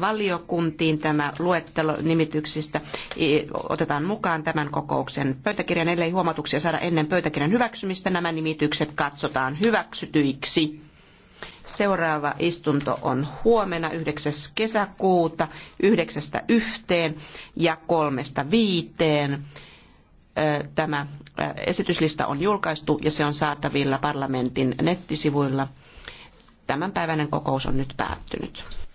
valiokuntiin. Tämä luettelo nimityksistä otetaan mukaan tämän kokouksen pöytäkirjan, ellei huomautuksia saada ennen pöytäkirjan hyväksymistä. Nämä nimitykset katsotaan hyväksytyiksi. Seuraava istunto on huomenna 9. kesäkuuta 9.1. ja 3.5. Tämä esityslista on julkaistu ja se on saatavilla parlamentin nettisivuilla. Tämänpäiväinen kokous on nyt päättynyt.